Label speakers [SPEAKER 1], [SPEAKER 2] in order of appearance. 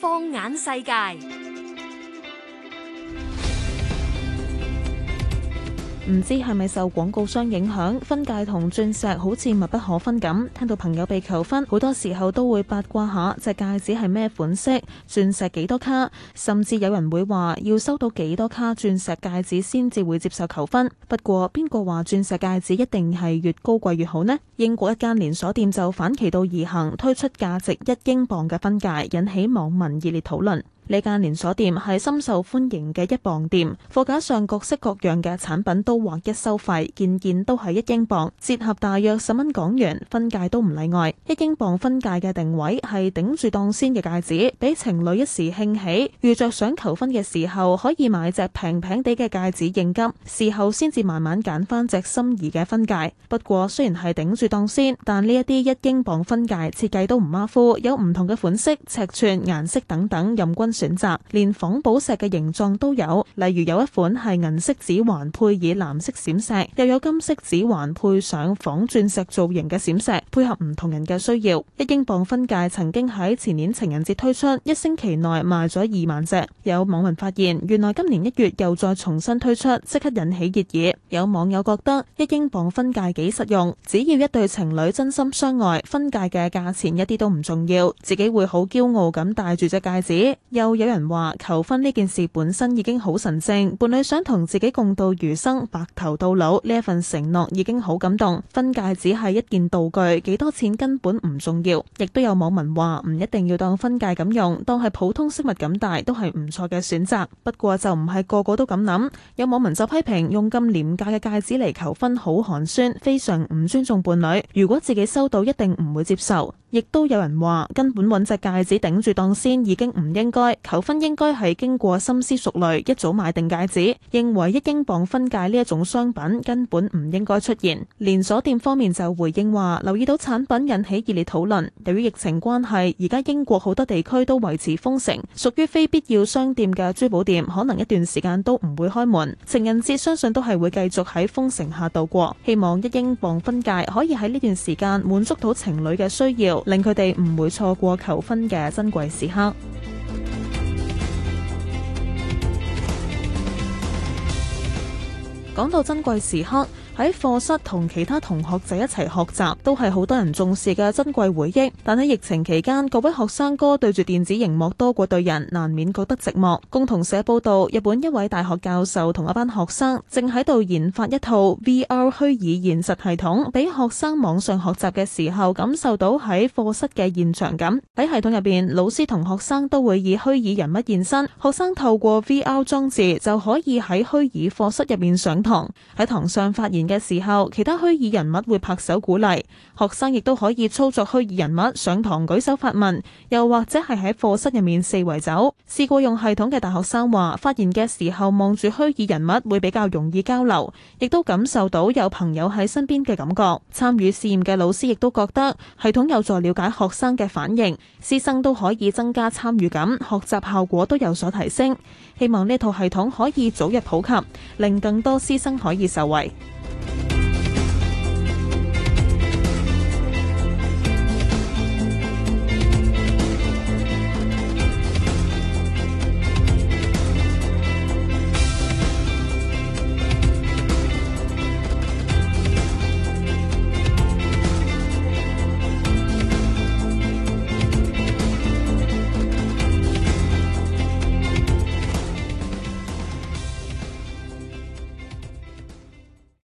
[SPEAKER 1] 放眼世界。唔知係咪受廣告商影響，婚戒同鑽石好似密不可分咁。聽到朋友被求婚，好多時候都會八卦下隻戒指係咩款式，鑽石幾多卡，甚至有人會話要收到幾多卡鑽石戒指先至會接受求婚。不過邊個話鑽石戒指一定係越高貴越好呢？英國一間連鎖店就反其道而行，推出價值一英鎊嘅婚戒，引起網民熱烈討論。呢間連鎖店係深受歡迎嘅一鎊店，貨架上各式各樣嘅產品都劃一收費，件件都係一英鎊，折合大約十蚊港元。婚戒都唔例外，一英鎊婚戒嘅定位係頂住當先嘅戒指，俾情侶一時興起，預着想求婚嘅時候可以買隻平平地嘅戒指應急，事後先至慢慢揀翻隻心儀嘅婚戒。不過雖然係頂住當先，但呢一啲一英鎊婚戒設計都唔馬虎，有唔同嘅款式、尺寸、顏色等等，任君選擇連仿寶石嘅形狀都有，例如有一款係銀色指環配以藍色閃石，又有金色指環配上仿鑽石造型嘅閃石，配合唔同人嘅需要。一英鎊婚戒曾經喺前年情人節推出，一星期內賣咗二萬隻。有網民發現，原來今年一月又再重新推出，即刻引起熱議。有網友覺得，一英鎊婚戒幾實用，只要一對情侶真心相愛，婚戒嘅價錢一啲都唔重要，自己會好驕傲咁戴住隻戒指。又有人話求婚呢件事本身已經好神聖，伴侶想同自己共度餘生，白頭到老呢一份承諾已經好感動。婚戒只係一件道具，幾多錢根本唔重要。亦都有網民話唔一定要當婚戒咁用，當係普通飾物咁戴都係唔錯嘅選擇。不過就唔係個個都咁諗。有網民就批評用咁廉價嘅戒指嚟求婚好寒酸，非常唔尊重伴侶。如果自己收到一定唔會接受。亦都有人話，根本揾隻戒指頂住當先已經唔應該，求婚應該係經過深思熟慮，一早買定戒指。認為一英鎊婚戒呢一種商品根本唔應該出現。連鎖店方面就回應話，留意到產品引起熱烈討論，由於疫情關係，而家英國好多地區都維持封城，屬於非必要商店嘅珠寶店可能一段時間都唔會開門。情人節相信都係會繼續喺封城下度過，希望一英鎊婚戒可以喺呢段時間滿足到情侶嘅需要。令佢哋唔會錯過求婚嘅珍貴時刻。講到珍貴時刻。喺課室同其他同學仔一齊學習，都係好多人重視嘅珍貴回憶。但喺疫情期間，各位學生哥對住電子熒幕多過對人，難免覺得寂寞。共同社報道，日本一位大學教授同一班學生正喺度研發一套 VR 虛擬現實系統，俾學生網上學習嘅時候，感受到喺課室嘅現場感。喺系統入邊，老師同學生都會以虛擬人物現身，學生透過 VR 裝置就可以喺虛擬課室入面上堂，喺堂上發言嘅時候，其他虛擬人物會拍手鼓勵。學生亦都可以操作虛擬人物上堂舉手發問，又或者係喺課室入面四圍走。試過用系統嘅大學生話，發言嘅時候望住虛擬人物會比較容易交流，亦都感受到有朋友喺身邊嘅感覺。參與試驗嘅老師亦都覺得，系統有助了解學生嘅反應，師生都可以增加參與感，學習效果都有所提升。希望呢套系統可以早日普及，令更多師生可以受惠。